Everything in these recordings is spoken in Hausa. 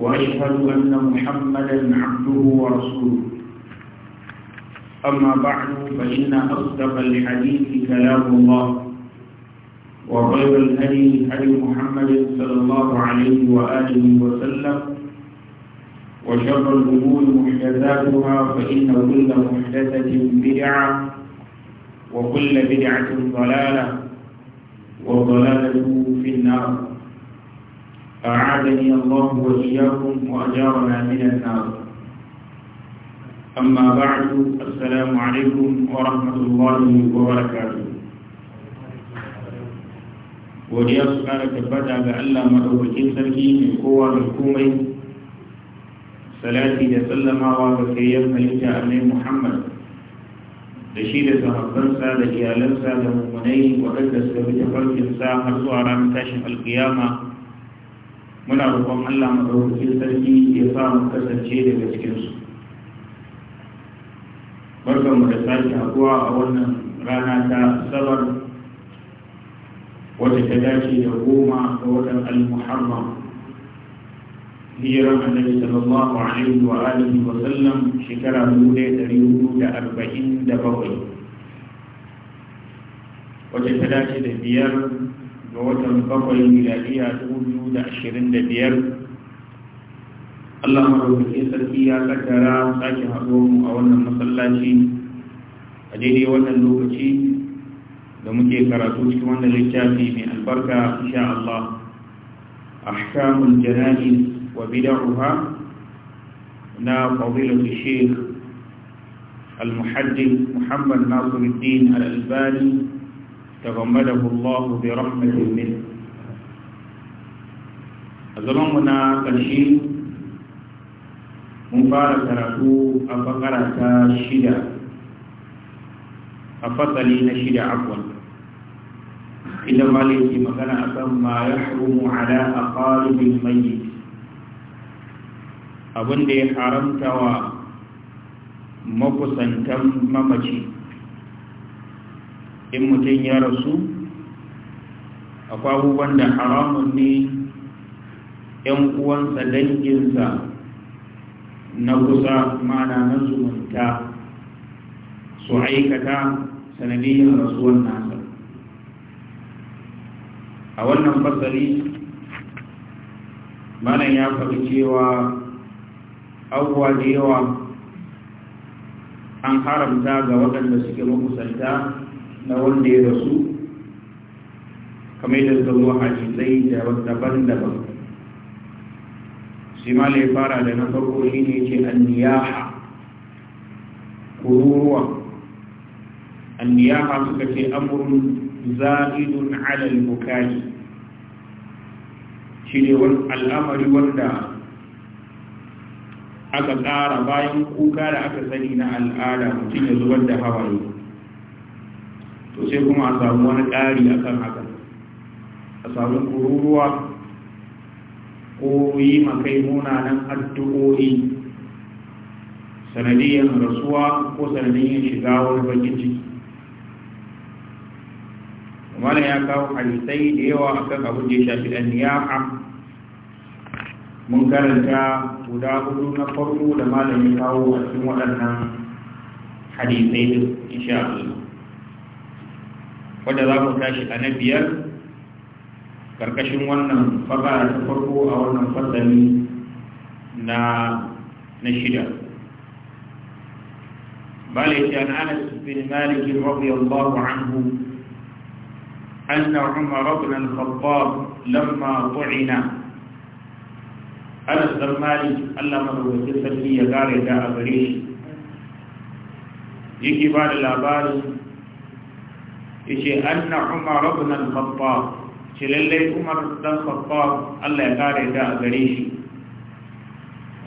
وأشهد أن محمدا عبده ورسوله أما بعد فإن أصدق الحديث كلام الله وخير الهدي هدي محمد صلى الله عليه وآله وسلم وشر الأمور محدثاتها فإن كل محدثة بدعة وكل بدعة ضلالة وضلالة في النار أعاذني الله وإياكم وأجارنا من النار أما بعد السلام عليكم ورحمة الله وبركاته godiya su kara tabbata ga Allah madaukakin sarki mai kowa mai komai salati da sallamawa ga sayyar halitta annai Muhammad da shi da sahabbansa da iyalansa da mummunai waɗanda suka bi farkinsa, har zuwa ranar tashin alkiyama muna roƙon Allah mu madaukakin sarki ya sa mu kasance daga cikinsu barkanmu da sake haɗuwa a wannan rana ta sabar wata ta dace da goma ga watan al-muharram hijiran annabi sallallahu alaihi wa alihi wa sallam shekara 1447 wacce ta dace da biyar ga watan bakwai miliyariya biyar. Allah maɗaukake sarki ya kaddara sake haɗuwar mu a wannan masallaci a daidai wannan lokaci da muke karatu cikin wannan littafi mai albarka insha Allah ahkamul janaiz wa bidauha na fadilatu shaykh al-muhaddith Muhammad Nasiruddin Al-Albani تغمده الله برحمة منه الزمن منا كالشيء مبارك رسول أفقرة شدة أفصلي نشدة عفوا إذا ما ليس مكان أكم ما يحرم على أقارب الميت abin da ya haramta wa makusantan mamaci in mutum ya rasu akwai abubuwan da haramun ne ‘yan uwansa danginsa na kusa mana na zumunta su aikata sanadiyyar rasuwar nasa a wannan fasari mana ya faru cewa abubuwa da yawa an haramta ga waɗanda suke makusanta na wanda ya rasu kamar yadda zuwa hadisai daban-daban shi ma fara da na farko shi ne ce anniyaha kururuwa anniyaha suka ce amurin za'idun alal bukari shi ne al'amari wanda aka tsara bayan kuka da aka sani na al'ada mutum ya zubar da hawaye sai kuma a samu wani ƙari a kan haka a samu kururuwa ko yi makai munanan addu'o'i sanadiyyar rasuwa ko sanadiyyar shiga wani bakin ciki wani ya kawo hadisai da yawa akan abin da ya shafi ɗan niyaha mun karanta guda hudu na farko da malamin kawo a cikin waɗannan hadisai insha Allah wadda za mu tashi a na biyar karkashin wannan fasara ta farko a wannan fasali na na shida bala ce an anas bin malik radiyallahu anhu anna umar ibn al-khattab lamma tu'ina anas bin malik Allah madawwacin sarki ya kare da a gare shi yake ba da labarin yace anna umar ibn al-khattab ce lalle umar dan khattab Allah ya kare da a gare shi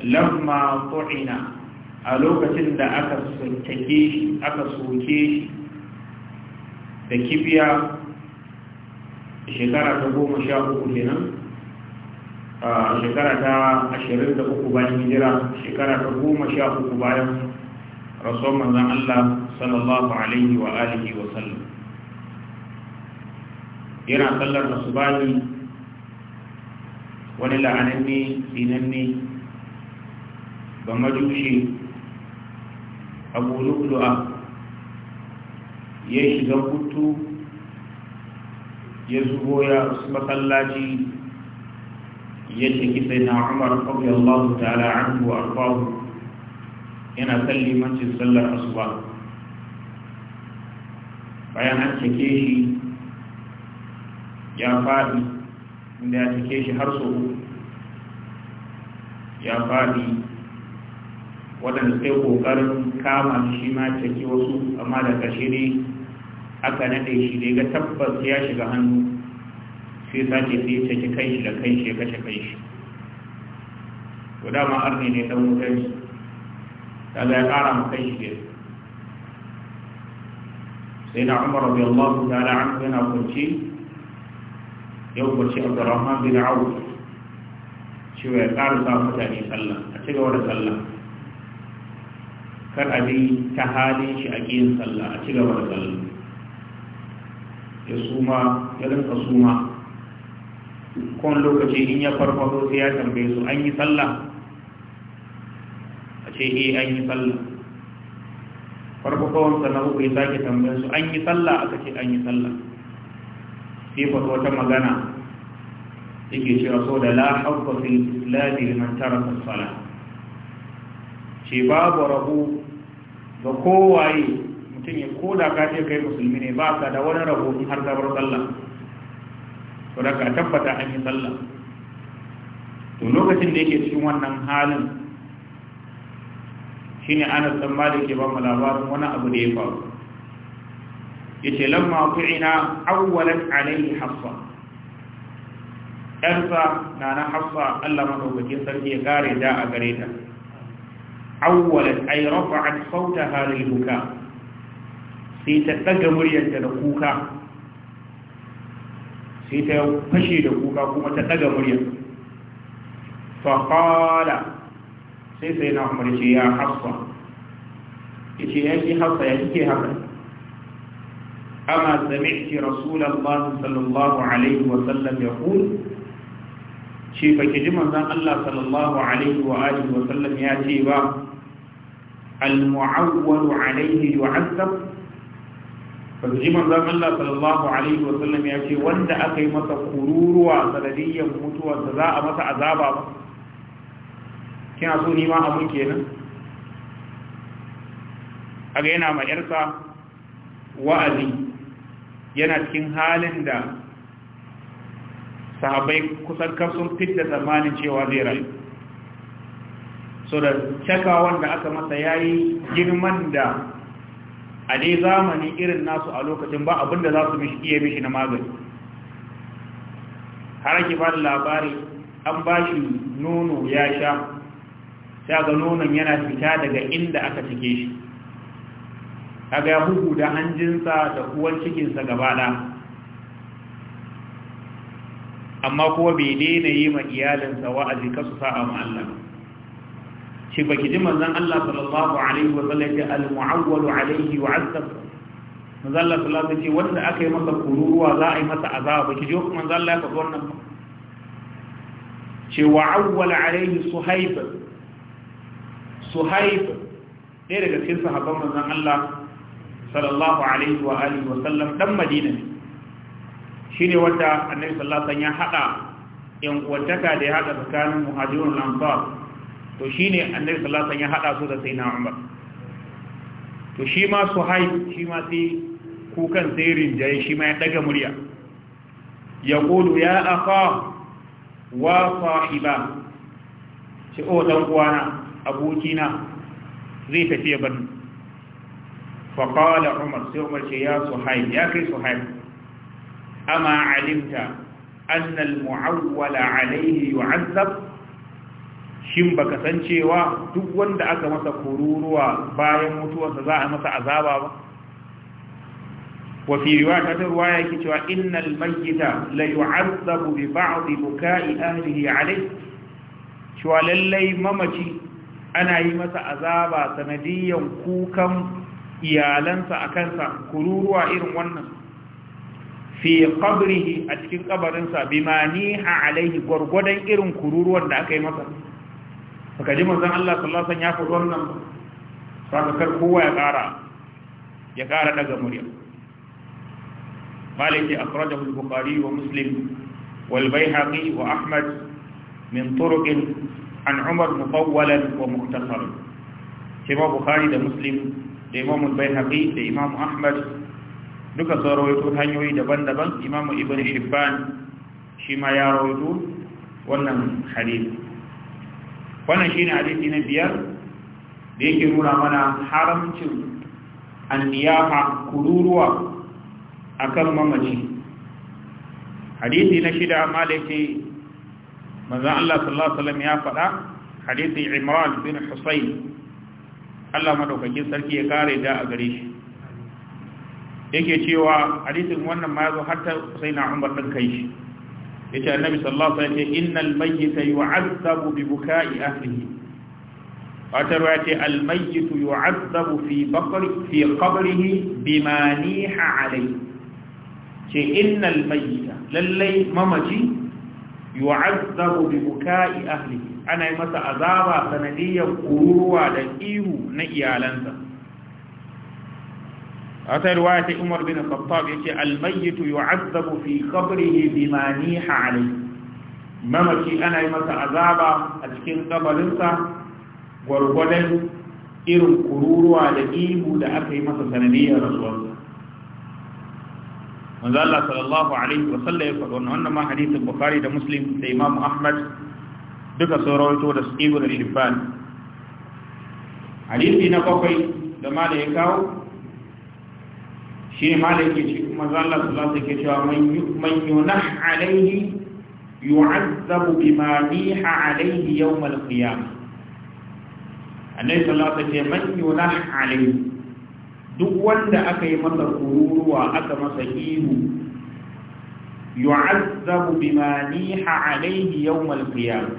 lamma tu'ina a lokacin da aka soke shi aka soke shi da kibiya shekara ta goma sha uku kenan a shekara ta ashirin da uku bayan hijira shekara ta goma sha uku bayan rasuwan manzan Allah sallallahu alaihi wa alihi wa sallam yana sallar masubani wani la'ananni, sinanne ba majushe abu lu'lu'a ya shiga hutu ya zubo ya masallaci ya shaki sai na umar radiyallahu ta'ala anhu wa arfahu yana sallimancin sallar asuba bayan an cike shi ya faɗi inda ya cike shi har sau ya faɗi waɗanda sai ƙoƙarin kama shi ma cike wasu amma da ƙarshe ne aka naɗe shi da ga tabbas ya shiga hannu sai sake sai cike kai shi da kai shi ya kashe kai shi to dama arni ne ɗan wutar shi kaga ya ƙara ma kai shi ne sai na umar rabbi allahu da an yana kunci ya umarci abdurrahman bin awu cewa ya ƙara sa mutane sallah a ci gaba da sallah kar a bi ta halin shi a ƙiyin sallah a ci gaba da sallah ya suma ya rinka suma wani lokaci in ya farfado sai ya tambaye su an yi sallah a ce eh an yi sallah farfadowarsa na uku ya sake tambaye su an yi sallah aka ce an yi sallah sai faɗo wata magana yake cewa so da la hawfa fil islami liman taraka as-salah ce babu rabu ga kowaye mutum ya koda ka kai musulmi ne ba ka da wani rabo in har zabar sallah to da ka tabbata an yi sallah to lokacin da yake cikin wannan halin Shi ne Anas dan Malik ke ba mu labarin wani abu da ya faru Ya yace lamma tu'ina awwalan alayhi hafsa ɗansa na na hafsa Allah maɗaukakin sarki ya kare da a gare ta awwalat ay rafa'at sautaha lil buka sai ta daga muryarta da kuka sai ta fashe da kuka kuma ta daga muryar fa qala sai sai na umar ce ya hafsa yace ya ki hafsa ya kike haka amma sami'ti rasulullahi sallallahu alaihi wa sallam yaqul shi fa ki ji manzon Allah sallallahu alaihi wa alihi wa sallam ya ce ba al-mu'awwal alaihi yu'azzab fa ji manzon Allah sallallahu alaihi wa sallam ya ce wanda aka yi masa kururuwa sanadiyyar da za a masa azaba ba kina so ni ma abun kenan aga yana ma yarsa wa'azi yana cikin halin da Sahabai kusan kan sun fitta zamanin cewa zai rayu so da cakawan da aka masa ya yi girman da a dai zamani irin nasu a lokacin ba abinda za su iya mishi na magani har ake ba labari an ba shi nono ya sha sai ga nonon yana fita daga inda aka cike shi kaga ya bugu da hanjinsa da kuwan cikinsa gaba ɗaya amma kuma bai daina yi ma iyalinsa wa'azi kasu sa'a ma Allah shi ba ki ji manzon Allah sallallahu alaihi wa sallam ya al-mu'awwalu alaihi wa azab manzon Allah sallallahu alaihi wanda aka yi masa kururuwa za a yi masa azaba ki ji manzon Allah ya faɗi wannan ce wa awwala alaihi su Haifa, ɗaya daga cikin sahabban manzon Allah sallallahu alaihi wa wa sallam dan Madina ne Shi ne wanda annabi sallallahu alaihi ya hada yan uwantaka da ya haɗa tsakanin muhajirun lansar to ne annabi sallallahu alaihi wasallam ya hada su da sayyidina umar to shi ma suhaib shi ma sai kukan sai rinjaye shi ma ya daga murya ya kudu ya aka wa sahiba shi o dan uwana abokina zai tafi ya bani faƙawa da umar sai umar ce ya suhaib ya kai suhaib أما علمت أن المعول عليه يعذب shin baka san cewa duk wanda aka masa kururuwa bayan mutuwarsa za a masa azaba ba wafi riwaya ta ruwaya yake cewa innal mayyita la yu'azzabu bi ba'd buka'i ahlihi alayh cewa lallai mamaci ana yi masa azaba sanadiyan kukan iyalansa akansa kururuwa irin wannan fi qabrihi a cikin kabarinsa bimani a alaihi gwargwadon irin kururuwar da aka yi masa saka ji manzon Allah sallallahu alaihi wasallam ya faɗi wannan saka kar kowa ya kara ya kara daga murya maliki akhrajahu al-bukhari wa muslim wal bayhaqi wa ahmad min turuq an umar mutawwalan wa mukhtasaran kima bukhari da muslim da imam al-bayhaqi da imam ahmad duka sun rawaito hanyoyi daban-daban imamu ibn shibban shi ma ya rawaito wannan hadisi wannan shine hadisi na biyar da yake nuna mana haramcin anniyaha kururuwa akan mamaci hadisi na shida malaki manzon Allah sallallahu alaihi wasallam ya faɗa hadisi Imran bin Husayn Allah madaukakin sarki ya kare da a gare shi yake cewa hadisin wannan ma yazo hatta Usaina Umar din kai shi yace Annabi sallallahu alaihi wasallam innal mayyita yu'azzabu bi buka'i ahlihi wata ruwa ce almayyitu yu'azzabu fi baqri fi qabrihi bima niha alai ce innal mayyita lallai mamaci yu'azzabu bi buka'i ahlihi ana yi masa azaba sanadiyyar kururuwa da ihu na iyalansa a ta riwaya ta Umar bin Khattab yace al-mayyit yu'azzabu fi qabrihi bima niha alayhi mamaki ana yi masa azaba a cikin kabarinsa gwargwadon irin kururuwa da ihu da aka yi masa sanadiyar rasuwarsa manzo Allah sallallahu alaihi wa sallam ya faɗa wannan ma hadisin Bukhari da Muslim da Imam Ahmad duka sun rawaito da Ibn al-Hibban hadisi na bakwai da ma ya kawo shi ne malaki ce kuma zallar su zasu ke cewa man yunah alaihi yu'azzabu bima niha alaihi yau malakiya. annabi sallallahu ce wasallam man alaihi duk wanda aka yi masa kururuwa aka masa ihu yu'azzabu bima niha alaihi yawmal qiyamah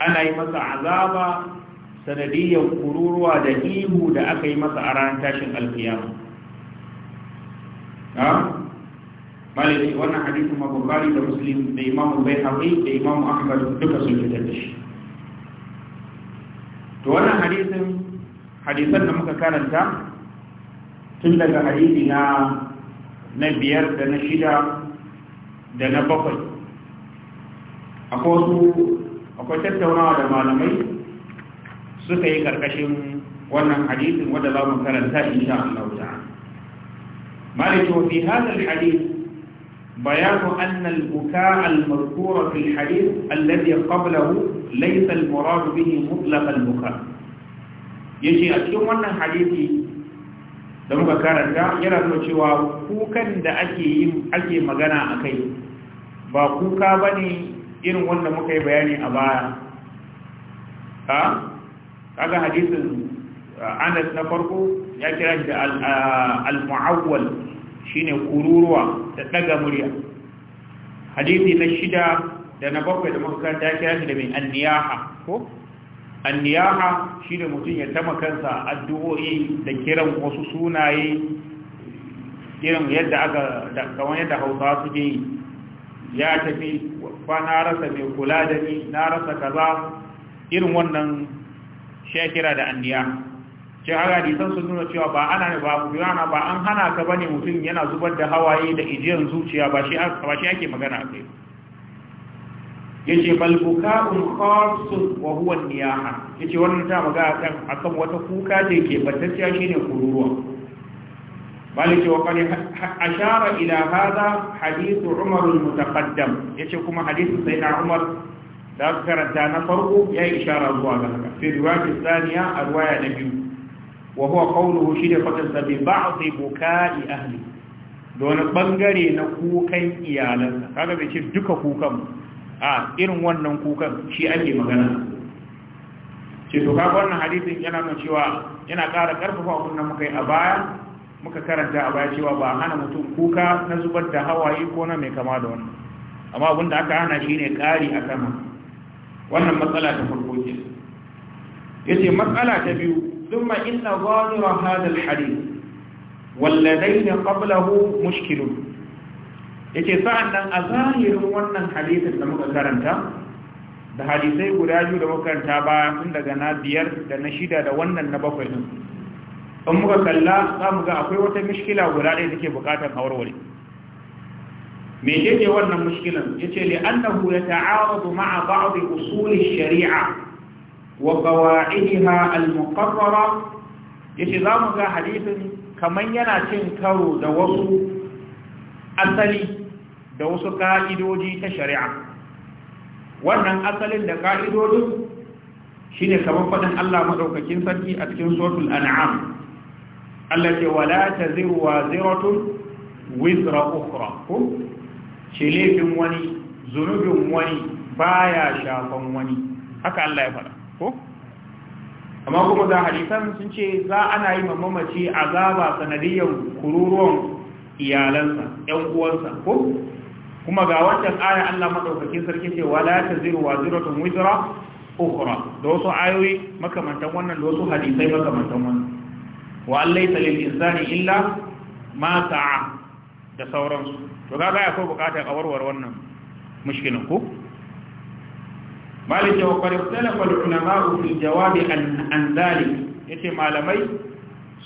ana yi masa azaba sanadiyar kururuwa da ihu da aka yi masa a ranar tashin alkiyama malami wannan hadisin ma bukari da muslim da imam bayhaqi da imam ahmad duka sun fitar da shi to wannan hadisin hadisan da muka karanta tun daga hadisi na na biyar da na shida da na bakwai akwai akwai tattaunawa da malamai suka yi karkashin wannan hadisin wanda za mu karanta insha Allah مالك وفي هذا الحديث بيان أن البكاء المذكور في الحديث الذي قبله ليس المراد به مطلق البكاء يجي أتكلم أن حديثي da muka karanta yana nuna cewa kukan da ake ake magana a kai ba kuka ba ne irin wanda muka yi bayani a baya kaga hadisin anas na farko ya kira shi da al-mu'awwal shine kururuwa da daga murya hadisi na shida da na bakwai da muka ya shi da mai anniyaha ko anniyaha shine mutum ya tama kansa addu'o'i da kiran wasu sunaye irin yadda aka da kamar yadda Hausawa suke yi ya tafi Ba na rasa mai kula da ni na rasa kaza irin wannan shekira da anniyaha ce haka hadisan sun nuna cewa ba ana ba birana ba an hana ka bane mutum yana zubar da hawaye da ijiyar zuciya ba shi ba shi ake magana akai yace bal buka'un khassun wa huwa niyaha yace wannan ta magana kan akan wata kuka ce ke batacciya shine kururuwa malike wa qali ashara ila hadha hadithu umar al-mutaqaddam yace kuma sai sayyidina umar da karanta na farko ya ishara zuwa ga haka sai riwaya tsaniya a riwaya na biyu وهو قوله شيء shi da fatan sa bi ba'd buka'i ahli da wani bangare na kukan iyalansa kaga bai ce duka kukan a irin wannan kukan shi ake magana ce to kaga wannan hadisin yana nuna cewa yana ƙara ƙarfafa abin nan muka yi a baya muka karanta a baya cewa ba hana mutum kuka na zubar da hawaye ko na mai kama da wannan amma abin da aka hana shi ne ƙari a sama wannan matsala ta farko ce ya ce matsala ta biyu ثم إن ظاهر هذا الحديث والذين قبله مشكل yake sa'an nan a zahirin wannan hadisin da muka karanta da hadisai guda biyu da muka karanta ba tun daga na biyar da na shida da wannan na bakwai din in muka kalla za mu ga akwai wata mishkila guda ɗaya da ke bukatar hawarware me ne wannan mishkilan ya ce li annahu ya ta'aradu ma'a ba'd usuli shari'a wa qawa'idha al-muqarrara yace za mu ga hadisin kaman yana cin karo da wasu asali da wasu ka'idoji ta shari'a wannan asalin da ka'idojin shine kamar faɗin Allah madaukakin sarki a cikin suratul an'am Allah ce wala taziru waziratun wizra ukhra ko ce wani zunubin wani baya shafan wani haka Allah ya faɗa ko amma kuma da hadisan sun ce za ana yi mamaci azaba sanadiyar kururuwan iyalansa ƴan uwansa ko kuma ga wancan ayar Allah madaukakin sarki ce wala taziru waziratun wizra ukhra da wasu ayoyi makamantan wannan da wasu hadisai makamantan wannan wa allaita lil insani illa ma sa'a da sauransu to kaga akwai bukatar a warware wannan mushkilin ko malik wa qad ikhtalafa al-ulama fi jawabi an dhalik yace malamai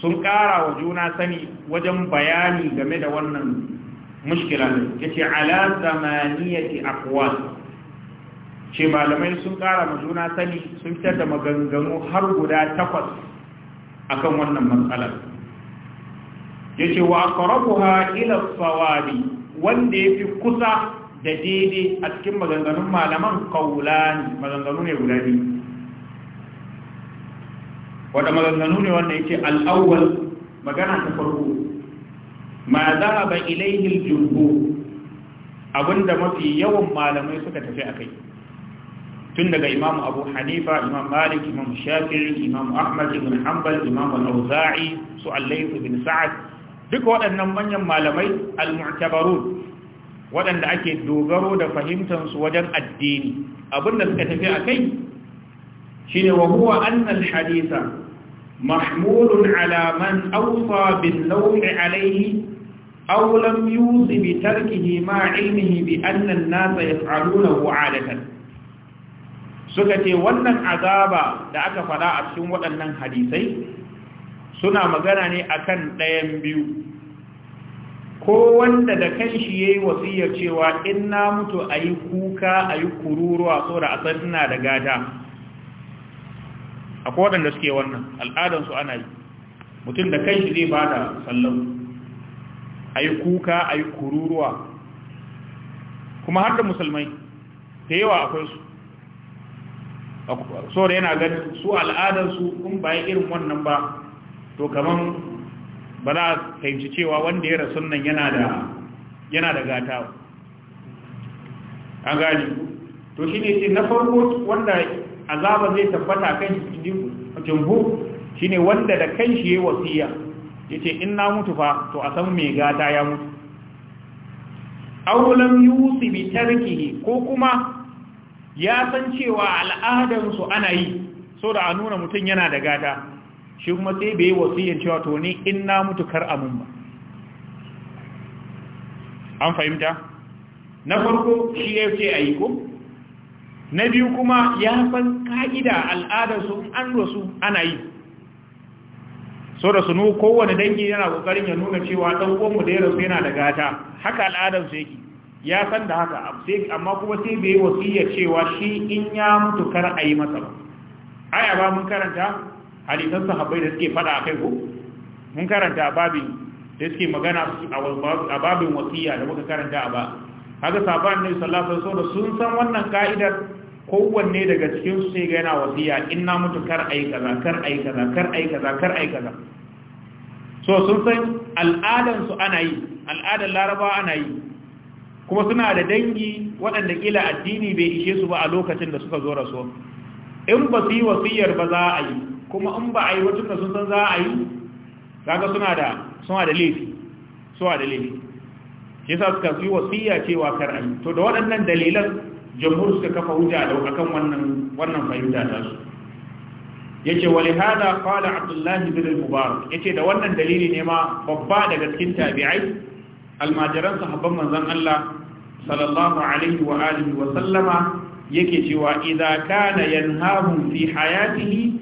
sun ƙara wa juna sani wajen bayani game da wannan mushkila ne yace ala zamaniyati aqwal ce malamai sun ƙara wa juna sani sun fitar da maganganu har guda takwas akan wannan matsalar yace wa aqrabuha ila sawabi wanda yafi kusa da daidai a cikin maganganun malaman kaulani maganganu ne guda biyu wata maganganu ne wanda yake al'awwal magana ta farko ma za a ilaihi al-jumhur abinda mafi yawan malamai suka tafi a kai. tun daga imam abu hanifa imam malik imam shafir imam ahmad ibn hanbal imam al-auza'i su Allai, bin sa'ad duka waɗannan manyan malamai al-mu'tabarun waɗanda ake dogaro da fahimtansu wajen addini abinda suka tafi a kai shi ne wa huwa annal hadisa mahmulun alaman aufa bin nau'i alaihi aw lam yusi bi tarkihi ma ilmihi bi anna an-nas yaf'alunahu 'adatan suka ce wannan azaba da aka faɗa a cikin waɗannan hadisai suna magana ne akan ɗayan biyu ko wanda da kanshi yayi wasiyar cewa in na mutu ayi kuka ayi kururuwa saboda a san ina da gata akwai da suke wannan al'adan su ana yi mutum da kanshi zai bada A ayi kuka ayi kururuwa kuma har da musulmai da yawa akwai su so da yana ganin su al'adarsu in ba irin wannan ba to kaman ba za a fahimci cewa wanda ya rasu nan yana da gata an gani to shi ne na farko wanda azaba zai tabbata kan jimbo shi ne wanda da kan shi ya wasiya ya ce in na mutu fa to a san mai gata ya mutu aulam yusu bi tarkihi ko kuma ya san cewa al'adansu ana yi so da a nuna mutum yana da gata shi kuma sai bai wasiyyar cewa to ni in na mutu kar amin ba an fahimta na farko shi ya ce a yi ko na biyu kuma ya san ka'ida al'adarsu an rasu ana yi so da sunu kowane dangi yana kokarin ya nuna cewa dan da ya rasu yana da gata haka al'adarsu yake ya san da haka amma kuma sai bai wasiyyar cewa shi in ya mutu kar yi masa ba aya ba mun karanta hadisan sahabbai da suke fada akai ko mun karanta babin da suke magana a babin wasiya da muka karanta a ba haka sahabban ne sallallahu alaihi wasallam sun san wannan ka'idar kowanne daga cikin su sai ga yana wasiya in na mutu kar ai kaza kar ai kaza kar ai kaza kar ai kaza so sun san al'adan su ana yi al'adan laraba ana yi kuma suna da dangi waɗanda kila addini bai ishe su ba a lokacin da suka zo rasuwa in ba su yi wasiyar ba za a yi kuma in ba a yi wacce sun san za a yi kaga suna da suna da laifi suna da laifi shi yasa suka yi wasiya cewa kar a yi to da waɗannan dalilan jamhur suka kafa hujja da akan wannan fahimta ta su Ya yace wali hada qala Abdullahi bin al-mubarak ce da wannan dalili ne ma babba daga cikin tabi'ai almajiran sahabban manzon Allah sallallahu alaihi wa alihi wa sallama yake cewa idza kana yanhahum fi hayatihi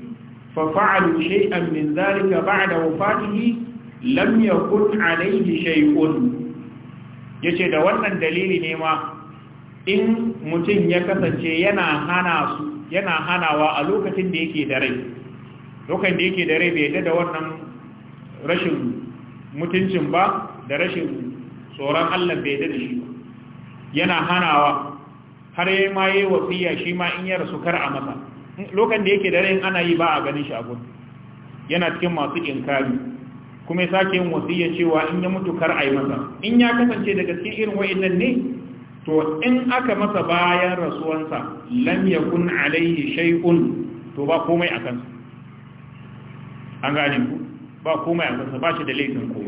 ففعلوا شيئا من ذلك بعد وفاته لم يكن عليه شيء yace da wannan dalili ne ma in mutum ya kasance yana hana su yana hanawa a lokacin da yake da rai lokacin da yake da rai bai da wannan rashin mutuncin ba da rashin tsoron Allah bai da shi ba yana hanawa har yayi ma yayi wasiya shi ma in ya rasu kar a masa lokacin da yake da in ana yi ba a ganin shi a gun yana cikin masu inkari kuma ya sake yin wasiyya cewa in ya mutu kar a yi masa in ya kasance daga cikin irin wa'annan ne to in aka masa bayan rasuwansa lam yakun alaihi shay'un to ba komai a kansa an gane ku ba komai akan sa ba shi da laifin ko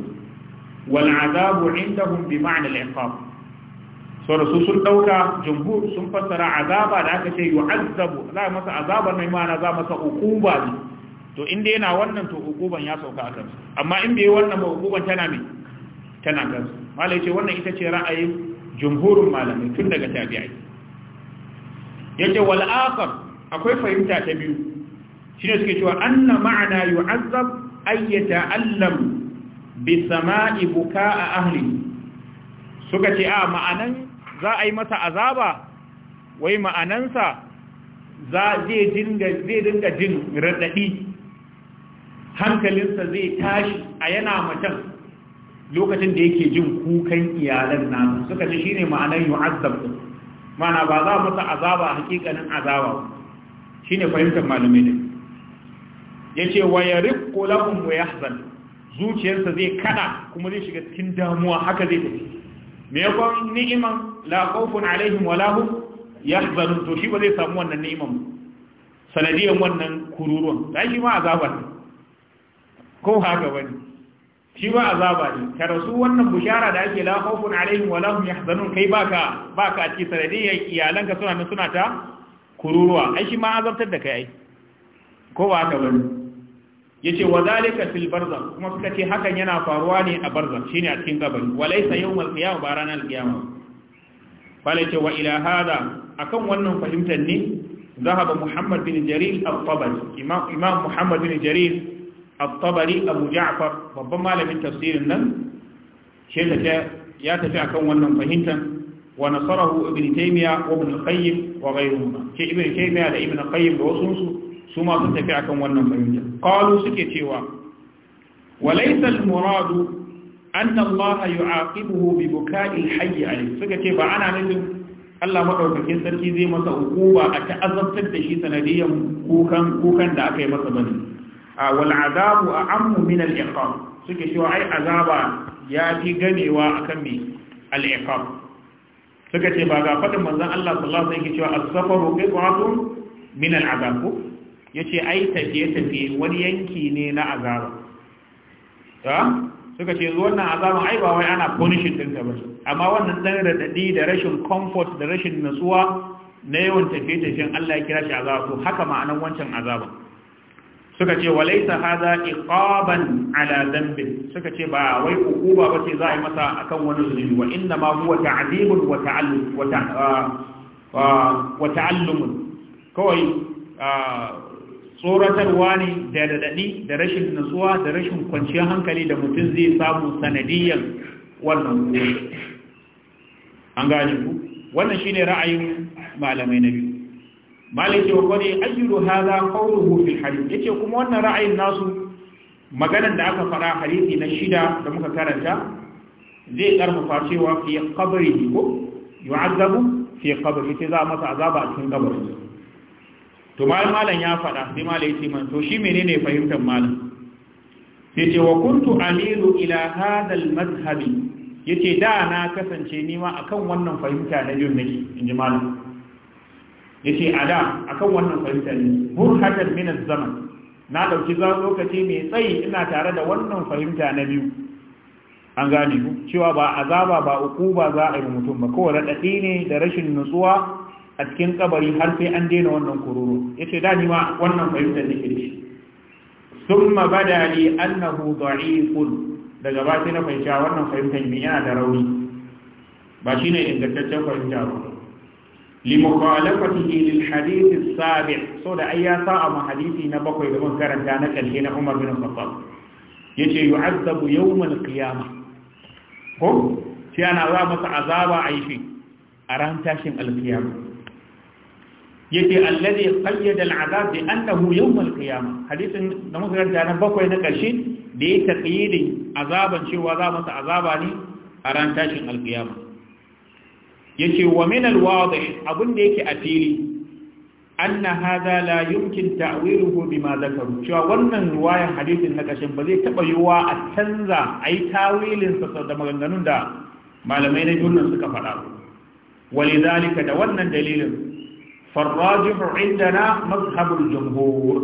wal azabu indahum bi ma'na al-iqab sauran su sun ɗauka jumhur sun fassara azaba da aka ce yu'azzabu za a masa azabar mai ma'ana za masa uquba ne to inda yana wannan to uquban ya sauka a kansu. amma in bai wannan ba uquban tana ne tana kansu. su malai ce wannan ita ce ra'ayin jumhurin malamai tun daga tabi'ai yake wal akhar akwai fahimta ta biyu shine suke cewa anna ma'ana yu'azzab ayyata yata'allam bi sama'i buka a ahli suka ce a ma'anan za a yi masa azaba wai ma'anansa za zai dinga jin raɗaɗi hankalinsa zai tashi a yana macen lokacin da yake jin kukan iyalan nasu suka ce ne ma'anar yu'azzab din mana ba za masa azaba a hakikanin azaba Shi ne fahimtar malumin ne yace wa yariqu lafin wa ya zuciyarsa zai kada kuma zai shiga cikin damuwa haka zai tafi me yakon ni'iman la khawfun alaihim wala hum yahzanun to shi ba zai samu wannan ni'iman sanadiyan wannan kururuwan da shi ma azaba ne ko haka bane shi ba azaba ne ka rasu wannan bushara da ake la khawfun alaihim wala hum yahzanun kai baka baka a cikin sanadiyan iyalanka suna nan suna ta kururuwa ai shi ma azabtar da kai ai ko ba haka bane yace wa zalika fil barzakh kuma suka ce hakan yana faruwa ne a barzakh shine a cikin kabari walaysa yawmal qiyamah ba ranar qiyama bala ce wa ila hada akan wannan fahimtar ne zahaba muhammad bin jarir at-tabari imam imam muhammad bin jarir at-tabari abu ja'far babban malamin tafsirin nan shi ya tafi akan wannan fahimtar wa nasarahu ibn taymiya wa ibn qayyim wa ghayruhuma ce ibn taymiya da ibn qayyim da wasu su su ma sun tafi akan wannan fahimta qalu suke cewa walaysa al-muradu anna Allah yu'aqibuhu bi buka'i al-hayy alayhi suka ce ba ana nufin Allah madaukakin sarki zai masa hukuma a ta'azzabtar da shi sanadiyan kukan kukan da aka yi masa bane a wal azabu a'ammu min al-iqam suke cewa ai azaba ya fi ganewa akan me al-iqam suka ce ba ga fadin manzon Allah sallallahu alaihi wasallam yake cewa as-safaru qitatun min al-azab ya ce ai tafiye-tafiye wani yanki ne na azaba ta suka ce wannan azaban ai ba wai ana punishin din ta ba amma wannan dan radadi da rashin comfort da rashin natsuwa na yawan tafiye-tafiyen Allah ya kira shi azaba to haka ma'anan wancan azaba suka ce walaysa hadha iqaban ala dhanbin suka ce ba wai hukuma ba ce za a yi masa akan wani zunubi wa inna ma huwa ta'dibun wa ta'allum wa ah, ah, ta'allum kawai ah, tsoratarwa ne da daɗaɗi da rashin nasuwa da rashin kwanciyar hankali da mutum zai samu sanadiyar wannan gobe an gani ku wannan shi ne ra'ayin malamai na biyu malike wa kwari ayyuru kawo qawluhu hari Ya ce kuma wannan ra'ayin nasu maganar da aka fara hadisi na shida da muka karanta zai karfafa cewa fi ne ko yu'azzabu fi qabrihi sai za a masa azaba a cikin gabaru. to bayan malam ya faɗa sai malam ya ce man to shi menene fahimtar malam sai ce wa kuntu alilu ila hadal mazhabi yace da na kasance ma akan wannan fahimta na jin nake in ji malam yace a da akan wannan fahimta ne burhatan min zaman na dauki za lokaci mai tsayi ina tare da wannan fahimta na biyu an gane ku cewa ba azaba ba ukuba za a yi mutum ba Kowa, raɗaɗi ne da rashin nutsuwa a cikin kabari har sai an daina wannan kururu yace da ni ma wannan fahimtar nake da shi thumma bada li annahu da'ifun daga ba sai na fahimta wannan fahimtar me yana da rauni ba shi ne ingantaccen fahimta ba li mukhalafatihi lil hadith as-sabi' so da ayya sa'a ma hadisi na bakwai da mun karanta na karshe na Umar bin Khattab yace yu'azzabu yawm al-qiyamah ko sai ana za masa azaba a yi shi a ran tashin alkiyama yake allazi qayyada al'azab bi annahu yawm al-qiyamah hadisin da muka na bakwai na karshe da ya taqyidin azaban cewa za masa azaba ne a ran tashin al-qiyamah yace wa min al-wadih abun da yake a fili anna hadha la yumkin ta'wiluhu bima zakaru cewa wannan riwayan hadisin na karshe ba zai taba yiwa a canza ai tawilin sa da maganganun da malamai na juna suka faɗa walidhalika da wannan dalilin فالراجح عندنا مذهب الجمهور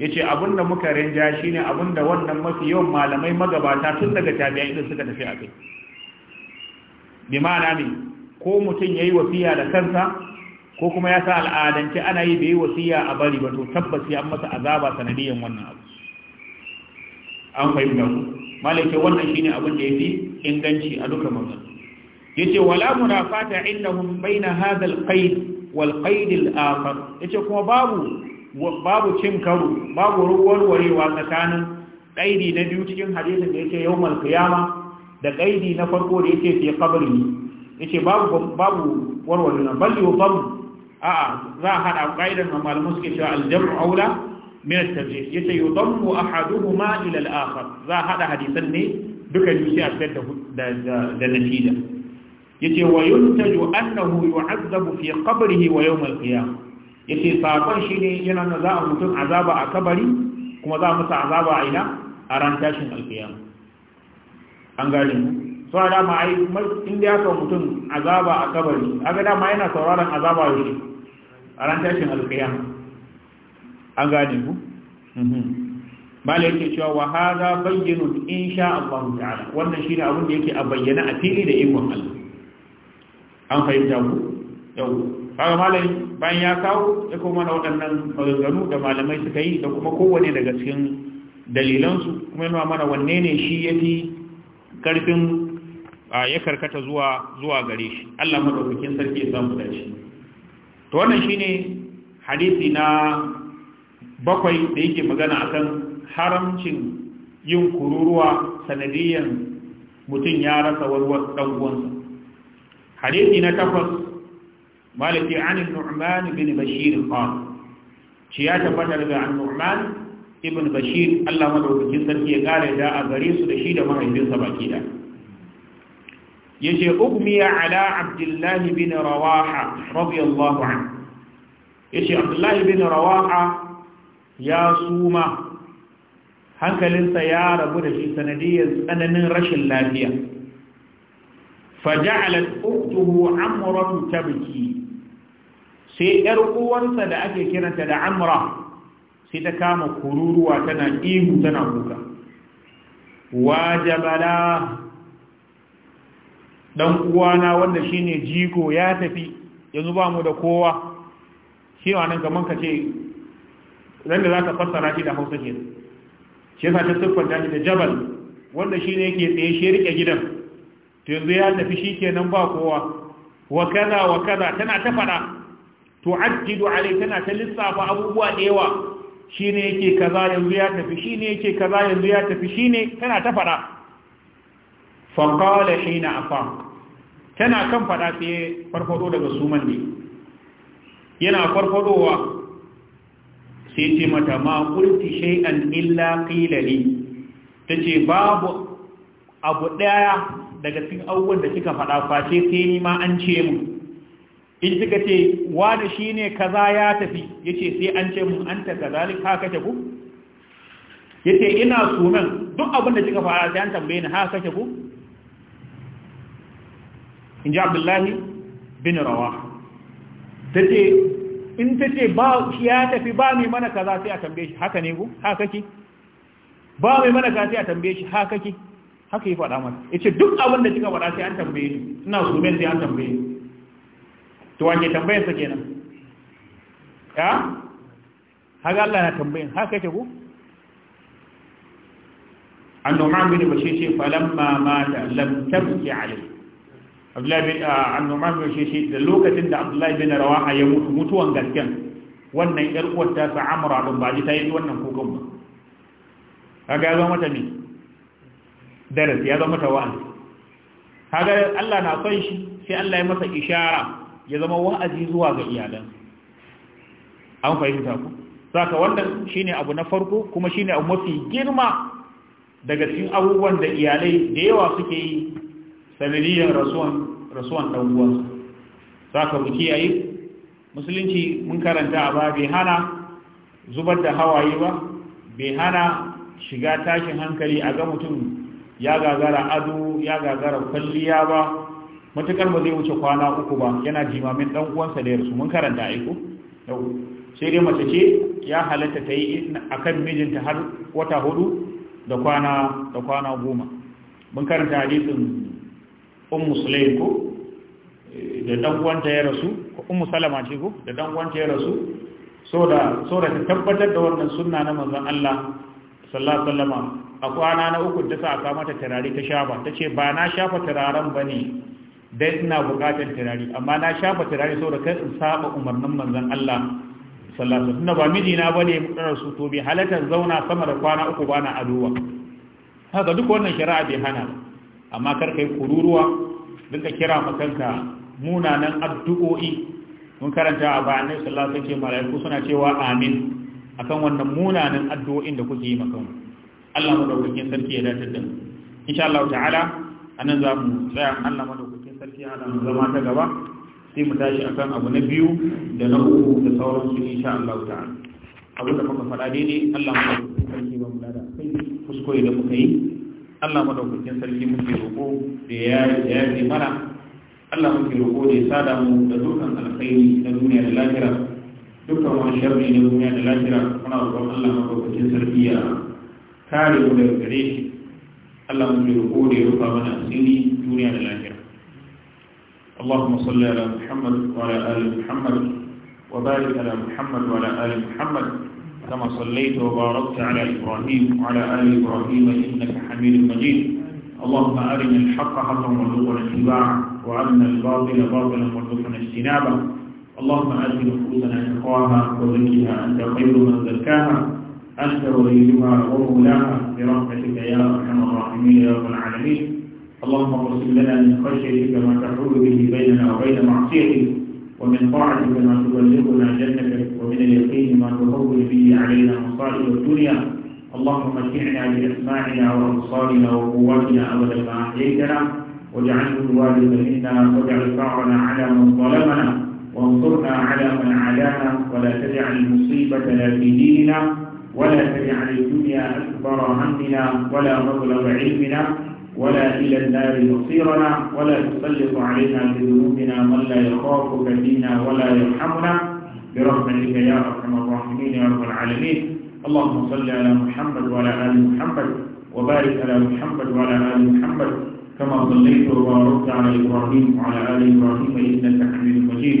yace abinda muka rinja shine abinda wannan mafi yawan malamai magabata tun daga tabi'a idan suka tafi kai bi ma'ana ne ko mutum yayi wasiya da kansa ko kuma ya sa al'adance ana yi da yi wasiya a bari ba to tabbas ya masa azaba sanadiyan wannan abu an fahimta ku malaka wannan shine abin da yafi inganci a duka mazan yace wala munafata indahum baina hadha al-qaid Walƙaidil Afar. Ya ce kuma babu babu cin karo babu ruwan warewa tsakanin qaidi na biyu cikin hadisin da ya ce yawmal qiyama da qaidi na farko da ya yake fi qabri Ya ce babu warware na balli wa babu a'a za a haɗa qaidan amma malamu suke cewa al jam'u aula min at tarjih yace yudammu ahaduhuma ila al Afar? za a haɗa hadisan ne duka biyu sai a fitar da da natija yace wa yuntaju annahu yu'azzabu fi qabrihi wa yawm al qiyam yace sakon shine yana na za a mutum azaba a kabari kuma za masa azaba a ina a ran tashin al-qiyam an gane so a dama ai in da yaka mutum azaba a kabari aga dama yana sauraron azaba yau a ran tashin al-qiyam an gane ku. bala mhm. yake cewa wa hada in sha Allah ta'ala wannan shine abin da yake a bayyana a fili da ikon Allah an fahimta ku yau kaga malami bayan ya kawo ya kuma mana waɗannan maganganu da malamai suka yi da kuma kowane daga cikin dalilansu kuma yana mana wanne ne shi ya fi ƙarfin ya karkata zuwa gare shi Allah madaukakin sarki ya samu da shi to wannan shine hadisi na bakwai da yake magana akan haramcin yin kururuwa sanadiyan mutum ya rasa warwar ɗan'uwansa hadisi na takwas malaki an nu'man bin bashir qala ci ya tabbata daga an nu'man ibn bashir Allah madaukakin sarki ya kare da a gare su da shi da mahaifinsa baki da yace ugmiya ala abdullah bin rawaha radiyallahu anhu yace abdullah bin rawaha ya suma hankalinsa ya rabu da shi sanadiyar tsananin rashin lafiya faja'alat uktuhu amratu tabki sai yar uwarsa da ake kiranta da amra sai ta kama kururuwa tana ihu tana kuka wajabala dan uwana wanda shine jiko ya tafi yanzu ba mu da kowa shi nan gaman ka ce zan da za ka fassara shi da hausa ke shi yasa ta siffanta shi da jabal wanda shine yake tsaye shi rike gidan yanzu ya tafi kenan ba kowa wa kaza wa kaza tana ta fada tu'addidu alai tana ta lissafa abubuwa da yawa shine yake kaza yanzu ya tafi shine yake kaza yanzu ya tafi shine tana ta fada fa qala hina afa tana kan fada sai farfado daga suman ne yana farfadowa sai ce mata ma kulti shay'an illa qila li tace babu abu daya daga cikin abubuwan da kika faɗa face sai ni ma an ce mu in kika ce wani shine kaza ya tafi yace sai an ce mu anta kazalik haka kake ku yace ina sunan duk abin da kika faɗa sai an tambaye ni haka kake ku in ji abdullahi bin rawa ta ce in ta ce ba ya tafi ba mai mana kaza sai a tambaye shi haka ne ku haka kake ba mai mana kaza sai a tambaye shi haka kake haka yi faɗa mata, ya ce duk abin da kika faɗa sai an tambaye ni ina mai sai an tambaye ni to wanke tambayar sa kenan ya haka Allah na tambayin haka yake ko annuman bin bashir ce falamma mata lam tabki alai abdullahi bin ah, annuman bin bashir ce da lokacin da abdullahi bin rawaha ya mutu mutuwan gasken wannan yar uwar ta sa amra din ba ji ta yi wannan kogon ba ga zama mata ne Daras ya zama ta wa'azi kaga Allah na son shi sai Allah ya masa ishara ya zama wa'azi zuwa ga iyalan an fahimta ku saka wannan shine abu na farko kuma shine abu mafi girma daga cikin abubuwan da iyalai da yawa suke yi sanadiyar rasuwan rasuwan dan uwansu saka mu kiyaye musulunci mun karanta ba bai hana zubar da hawaye ba bai hana shiga tashin hankali a ga mutum ya gagara ado ya gagara kwalliya ba matukar ba zai wuce kwana uku ba yana jimamin dan uwansa da yarsu mun karanta aiko yau sai dai mace ce ya halatta ta yi akan mijinta har wata hudu da kwana da kwana goma mun karanta hadisin ummu sulaim ko da dan uwanta ya rasu ummu salama ce ko da dan uwanta ya rasu so da so da ta tabbatar da wannan sunna na manzon Allah sallallahu alaihi a kwana na uku ta sa aka mata turare ta shafa ta ce ba na shafa turaren ba ne dai ina bukatar turare amma na shafa turare saboda kai in saba umarnin manzon Allah sallallahu alaihi wasallam ba mijina ba ne mutar su to bi halatar zauna sama da kwana uku ba na aduwa haka duk wannan shari'a bai hana amma kar kai kururuwa dinka kira makanka munanan addu'o'i mun karanta a bayanai sallallahu alaihi wasallam mala'iku suna cewa amin akan wannan munanan addu'o'in da kuke yi makan Allah madaukakin sarki ya dace da insha Allah ta'ala anan za mu tsaya Allah madaukakin sarki ya mu zama ta gaba sai mu tashi akan abu na biyu da na uku da su insha Allah ta'ala Abu da muka dai ne. Allah madaukakin sarki ba mu lada kai kuskure da muka yi Allah madaukakin sarki muke roƙo da ya yi mana Allah ke roƙo da ya sada mu da dukkan alkhairi na duniya da lahira dukkan wani sharri ne duniya da lafiya muna roƙon Allah madaukakin sarki ya kare mu daga gare shi Allah mu ji roƙo da ya rufa mana asiri duniya da lafiya اللهم صل على محمد وعلى آل محمد وبارك على محمد وعلى آل محمد كما صليت وباركت على إبراهيم وعلى آل إبراهيم إنك حميد مجيد اللهم أرنا الحق حقا وارزقنا اتباعه وأرنا الباطل باطلا وارزقنا اجتنابه اللهم اجعل نفوسنا تقواها وزكها أنت خير من زكاها أنت وليها ومولاها برحمتك يا أرحم الراحمين يا رب العالمين اللهم اغفر لنا من خشيتك ما تحول به بيننا وبين معصيتك ومن طاعتك ما تبلغنا جنتك ومن اليقين ما تهون به علينا مصائب الدنيا اللهم متعنا باسماعنا وابصارنا وقواتنا ابدا ما احييتنا واجعله الوارث منا واجعل ثارنا على من ظلمنا وانصرنا على من عادانا ولا تجعل مصيبتنا في ديننا ولا تجعل الدنيا أكبر همنا ولا مبلغ علمنا ولا إلى النار مصيرنا ولا تسلط علينا بذنوبنا من لا يخافك فينا ولا يرحمنا برحمتك يا أرحم الراحمين يا رب العالمين اللهم صل على محمد وعلى آل محمد وبارك على محمد وعلى آل محمد كما صليت وباركت على إبراهيم وعلى آل إبراهيم إنك حميد مجيد